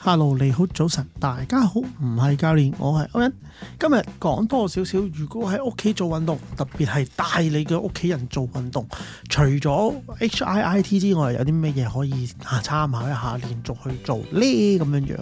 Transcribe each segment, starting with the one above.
哈嘍，Hello，你好，早晨，大家好，唔係教練，我係歐恩，今日講多少少，如果喺屋企做運動，特別係帶你嘅屋企人做運動，除咗 HIIT 之外，有啲咩嘢可以啊參考一下，連續去做呢？咁樣樣，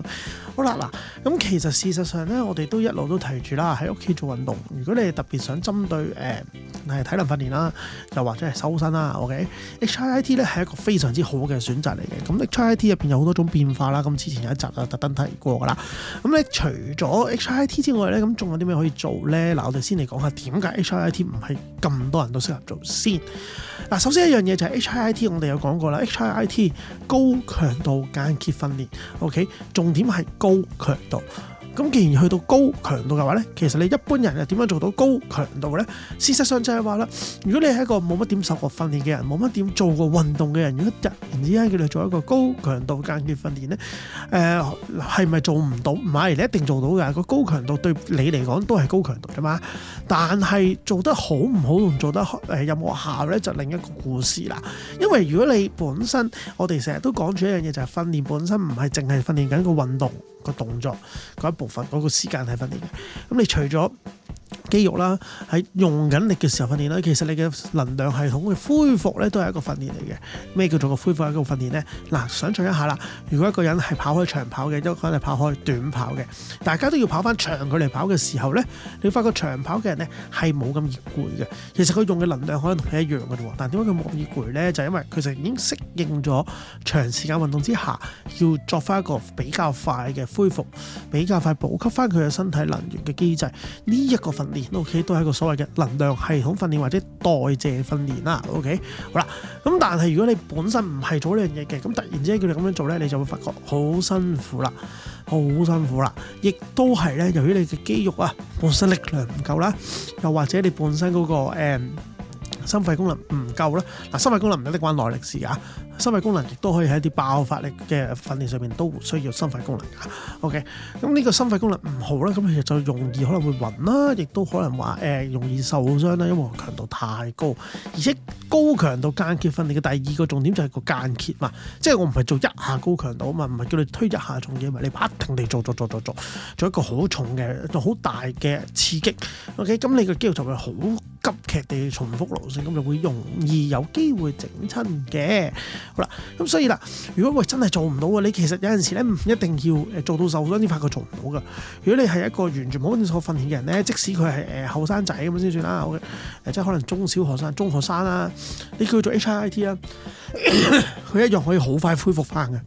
好啦，嗱，咁其實事實上呢，我哋都一路都提住啦，喺屋企做運動，如果你係特別想針對誒。呃係體能訓練啦，又或者係修身啦，OK？HIIT，OK？咧係一個非常之好嘅選擇嚟嘅。咁 HIIT 入邊有好多種變化啦。咁之前有一集就特登提過噶啦。咁咧除咗 HIIT 之外咧，咁仲有啲咩可以做咧？嗱，我哋先嚟講下點解 HIIT 唔係咁多人都適合做先。嗱，首先一樣嘢就係 HIIT，我哋有講過啦了，HIIT 高強度間歇訓練，OK？重點係高強度。咁既然去到高強度嘅話咧，其實你一般人又點樣做到高強度咧？事實上就係話啦，如果你係一個冇乜點受過訓練嘅人，冇乜點做過運動嘅人，如果突然之間叫你做一個高強度間歇訓練咧，誒、呃，係咪做唔到？唔係，你一定做到㗎。個高強度對你嚟講都係高強度㗎嘛。但係做得好唔好同做得誒有冇效咧，就另一個故事啦。因為如果你本身，我哋成日都講住一樣嘢，就係訓練本身唔係淨係訓練緊個運動個動作嗰一步份嗰個時間睇翻嚟嘅，咁你除咗肌肉啦，喺用緊力嘅時候訓練啦，其實你嘅能量系統嘅恢復咧都係一個訓練嚟嘅。咩叫做個恢復係一個訓練呢？嗱、啊，想象一下啦，如果一個人係跑開長跑嘅，亦都可能跑開短跑嘅，大家都要跑翻長距離跑嘅時候呢，你發覺長跑嘅人呢，係冇咁易攰嘅。其實佢用嘅能量可能同你一樣嘅啫喎，但點解佢冇咁易攰呢？就因為佢就已經適應咗長時間運動之下，要作翻一個比較快嘅恢復，比較快嘅補給翻佢嘅身體能源嘅機制呢一、這個訓練。O.K. 都係一個所謂嘅能量系統訓練或者代謝訓練啦。O.K. 好啦，咁但係如果你本身唔係做呢樣嘢嘅，咁突然之間叫你咁樣做咧，你就會發覺好辛苦啦，好辛苦啦，亦都係咧，由於你嘅肌肉啊本身力量唔夠啦，又或者你本身嗰個誒。心肺功能唔夠啦，嗱，心肺功能唔一定關耐力事噶，心肺功能亦都可以喺啲爆發力嘅訓練上面都需要心肺功能。OK，咁呢個心肺功能唔好啦，咁其實就容易可能會暈啦，亦都可能話誒、呃、容易受傷啦，因為強度太高，而且高強度間歇訓練嘅第二個重點就係個間歇嘛，即係我唔係做一下高強度啊嘛，唔係叫你推一下重嘢咪，咪你不停地做做做做做，做一個好重嘅、好大嘅刺激。OK，咁你個肌肉就會好。急劇地重複勞性，咁就會容易有機會整親嘅。好啦，咁所以啦，如果喂真係做唔到啊，你其實有陣時咧，唔一定要誒做到受傷先發覺做唔到噶。如果你係一個完全冇呢個訓練嘅人咧，即使佢係誒後生仔咁先算啦、呃，即係可能中小學生、中學生啦、啊，你叫佢做 HIIT 啦、啊，佢一樣可以好快恢復翻嘅。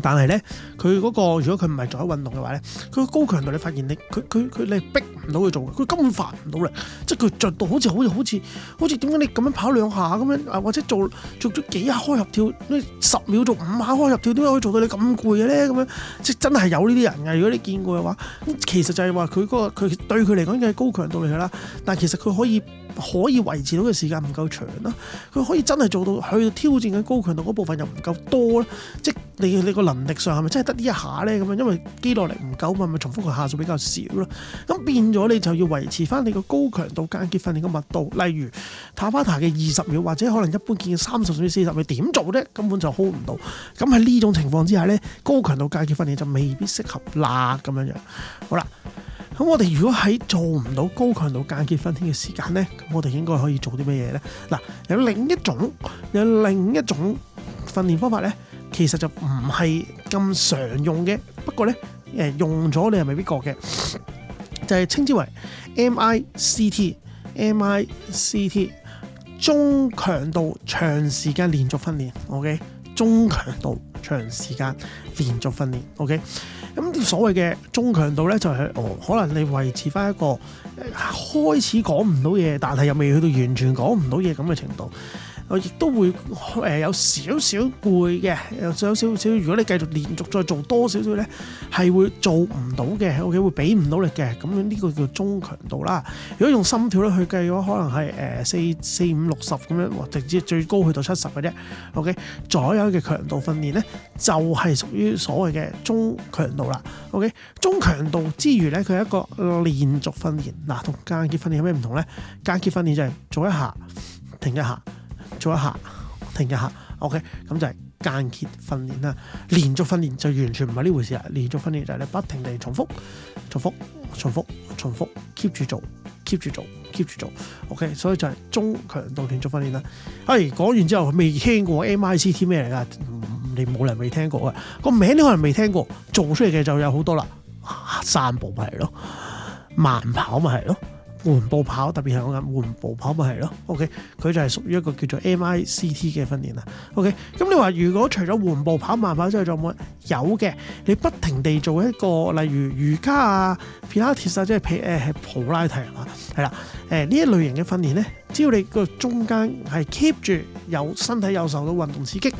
但係咧，佢嗰、嗰個，如果佢唔係做喺運動嘅話咧，佢高強度你發現你佢佢佢你逼。唔到佢做，佢根本發唔到力，即係佢着到好似好似好似好似點解你咁樣跑兩下咁樣，或者做做咗幾下開合跳，呢十秒做五下開合跳，點解可以做到你咁攰嘅咧？咁樣即係真係有呢啲人嘅。如果你見過嘅話，咁其實就係話佢嗰個佢對佢嚟講嘅係高強度嚟嘅啦。但係其實佢可以。可以維持到嘅時間唔夠長啦，佢可以真係做到去到挑戰緊高強度嗰部分又唔夠多咧，即你你個能力上係咪真係得呢一下呢？咁樣？因為肌耐力唔夠咪咪重複嘅下數比較少咯。咁變咗你就要維持翻你個高強度間歇訓練嘅密度，例如塔巴塔嘅二十秒或者可能一般建議三十至四十秒點做呢？根本就 hold 唔到。咁喺呢種情況之下呢，高強度間歇訓練就未必適合啦咁樣樣。好啦。咁我哋如果喺做唔到高強度間歇訓練嘅時間呢，咁我哋應該可以做啲咩嘢呢？嗱，有另一種有另一種訓練方法呢，其實就唔係咁常用嘅，不過呢，誒用咗你係未必覺嘅，就係稱之為 MICT，MICT 中強度長時間連續訓練，OK，中強度。長時間連續訓練，OK，咁、嗯、所謂嘅中強度呢，就係、是、我、哦、可能你維持返一個開始講唔到嘢，但係又未去到完全講唔到嘢咁嘅程度。我亦都會誒有少少攰嘅，有少少少。如果你繼續連續再做多少少咧，係會做唔到嘅，OK 會俾唔到力嘅。咁樣呢個叫中強度啦。如果用心跳咧去計嘅話，可能係四四五六十咁樣，直至最高去到七十嘅啫。OK 左右嘅強度訓練咧，就係屬於所謂嘅中強度啦。OK 中強度之餘咧，佢係一個連續訓練，嗱同間歇訓練有咩唔同咧？間歇訓練就係做一下停一下。做一下，停一下，OK，咁就係間歇訓練啦。連續訓練就完全唔係呢回事啦。連續訓練就係你不停地重複、重複、重複、重複，keep 住做，keep 住做，keep 住做，OK。所以就係中強度連續訓練啦。係、哎、講完之後未聽過 MICT 咩嚟㗎？你冇人未聽過㗎？個名你可能未聽過，做出嚟嘅就有好多啦。散步咪係咯，慢跑咪係咯。緩步跑特別係我間緩步跑咪係咯，OK，佢就係屬於一個叫做 MICT 嘅訓練啦，OK。咁你話如果除咗緩步跑慢跑之外仲有冇？有嘅，你不停地做一個例如瑜伽啊、Pilates 啊，即係譬如誒普拉提人啊，係啦，誒、呃、呢一類型嘅訓練咧，只要你個中間係 keep 住有身體有受到運動刺激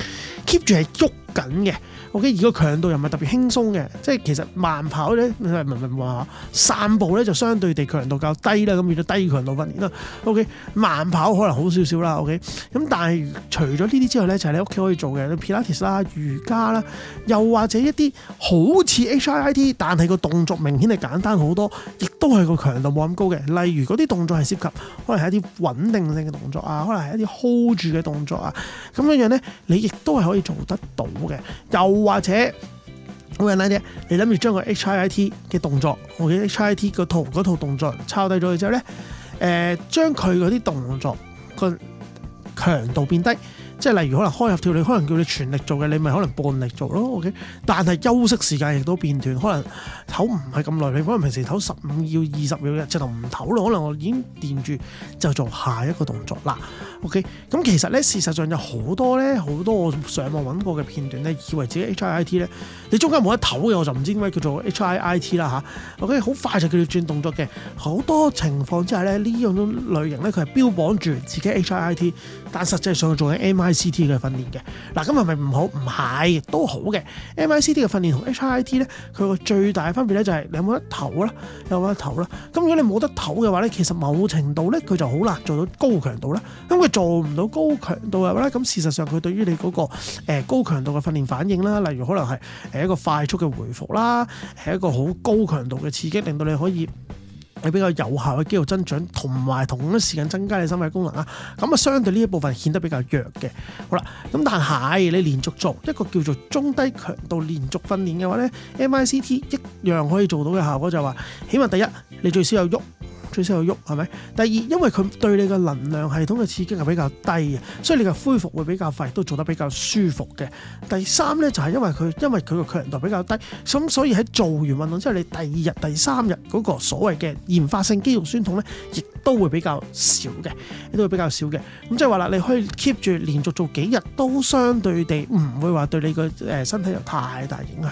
，keep 住係喐緊嘅，OK，而個強度又唔係特別輕鬆嘅，即係其實慢跑咧，唔係唔係話散步咧就相對地強度較低啦，咁變咗低強度訓練啦。OK，慢跑可能好少少啦，OK，咁但係除咗呢啲之外咧，就係、是、你屋企可以做嘅 Pilates 啦、瑜伽啦，又或者一啲好似 HIIT，但係個動作明顯係簡單好多，亦都係個強度冇咁高嘅，例如嗰啲動作係涉及可能係一啲穩定性嘅動作啊，可能係一啲 hold 住嘅動作啊，咁樣樣咧，你亦都係可以做得到。又或者，好簡單啲，你諗住將個 HIIT 嘅動作，我嘅 HIIT 個圖嗰套動作抄低咗之後咧，誒、呃、將佢嗰啲動作個強度變低。即係例如可能開合跳，你可能叫你全力做嘅，你咪可能半力做咯，OK？但係休息時間亦都變短，可能唞唔係咁耐，你可能平時唞十五要二十秒嘅，就唔唞啦。可能我已經墊住就做下一個動作啦，OK？咁其實咧事實上有好多咧好多我上網揾過嘅片段咧，以為自己 HIIT 咧，你中間冇得唞嘅，我就唔知點解叫做 HIIT 啦嚇。OK，好快就叫你轉動作嘅，好多情況之下咧呢種類型咧佢係標榜住自己 HIIT 但實際上做緊 M I C T 嘅訓練嘅嗱，咁係咪唔好？唔係亦都好嘅。M I C T 嘅訓練同 H I T 咧，佢個最大嘅分別咧就係你有冇得唞啦，有冇得唞啦。咁如果你冇得唞嘅話咧，其實某程度咧佢就好難做到高強度啦。咁佢做唔到高強度嘅話咧，咁事實上佢對於你嗰個誒高強度嘅訓練反應啦，例如可能係誒一個快速嘅回復啦，係一個好高強度嘅刺激，令到你可以。你比較有效的肌肉增長，同埋同一時間增加你心肺功能咁啊，相對呢一部分顯得比較弱嘅。好啦，咁但係你連續做一個叫做中低強度連續訓練嘅話咧，M I C T 一樣可以做到嘅效果就係話，起碼第一，你最少有喐。最少有喐，係咪？第二，因為佢對你嘅能量系統嘅刺激係比較低嘅，所以你嘅恢復會比較快，都做得比較舒服嘅。第三呢，就係、是、因為佢，因為佢個強度比較低，咁所以喺做完運動之後，你第二日、第三日嗰個所謂嘅延發性肌肉酸痛呢，亦都會比較少嘅，都會比較少嘅。咁即係話啦，你可以 keep 住連續做幾日，都相對地唔會話對你個誒身體有太大影響。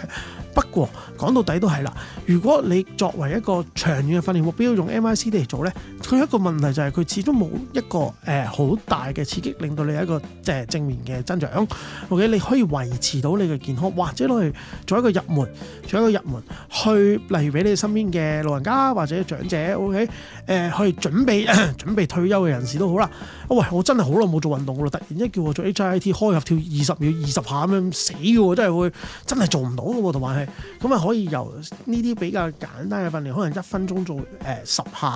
不過講到底都係啦，如果你作為一個長遠嘅訓練目標，用 MIC 啲嚟做咧，佢一個問題就係佢始終冇一個誒好、呃、大嘅刺激，令到你一個即係、呃、正面嘅增長。O.K. 你可以維持到你嘅健康，或者攞嚟做一個入門，做一個入門去，例如俾你身邊嘅老人家或者長者，O.K. 誒、呃、去準備準備退休嘅人士都好啦、啊。喂，我真係好耐冇做運動嘅，突然一叫我做 H.I.I.T. 開合跳二十秒二十下咁樣死嘅喎，真係會真係做唔到嘅喎，同埋係咁啊，可以由呢啲比較簡單嘅訓練，可能一分鐘做誒十、呃、下。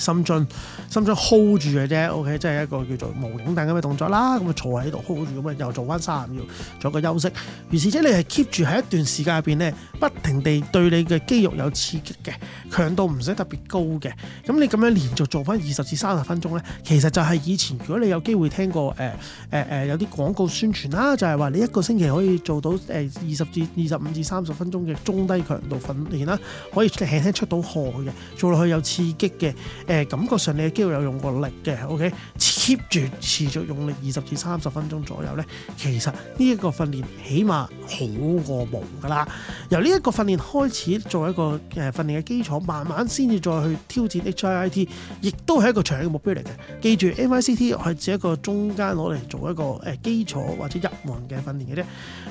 深蹲，深蹲 hold 住嘅啫，OK，即係一個叫做無影凳咁嘅動作啦。咁啊坐喺度 hold 住咁啊，又做翻三十秒，做個休息。如是者你係 keep 住喺一段時間入邊咧，不停地對你嘅肌肉有刺激嘅，強度唔使特別高嘅。咁你咁樣連續做翻二十至三十分鐘咧，其實就係以前如果你有機會聽過誒誒誒有啲廣告宣傳啦，就係話你一個星期可以做到誒二十至二十五至三十分鐘嘅中低強度訓練啦，可以輕輕出到汗嘅，做落去有刺激嘅。誒感覺上你嘅肌肉有用過力嘅，OK，keep 住持續用力二十至三十分鐘左右呢，其實呢一個訓練起碼好過冇噶啦。由呢一個訓練開始做一個誒訓練嘅基礎，慢慢先至再去挑戰 HIIT，亦都係一個長遠嘅目標嚟嘅。記住，MICT 係指一個中間攞嚟做一個誒基礎或者入門嘅訓練嘅啫。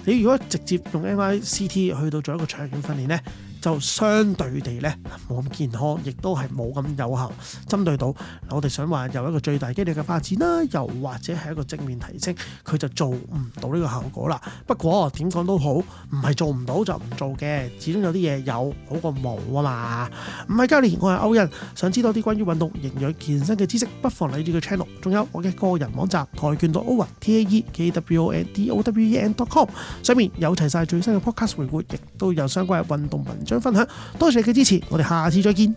你如果直接用 MICT 去到做一個長遠嘅訓練呢，就相對地呢，冇咁健康，亦都係冇咁有效針對到我哋想話由一個最大肌力嘅發展啦，又或者係一個正面提升，佢就做唔到呢個效果啦。不過點講都好，唔係做唔到就唔做嘅，始終有啲嘢有好過冇啊嘛。唔係教練，我係歐人，想知道啲關於運動營養健身嘅知識，不妨嚟呢個 channel，仲有我嘅個人網站跆拳道歐文 T A E K W O N D O W E N dot com，上面有齊晒最新嘅 podcast 回顧，亦都有相關嘅運動文。想分享，多謝你嘅支持，我哋下次再見。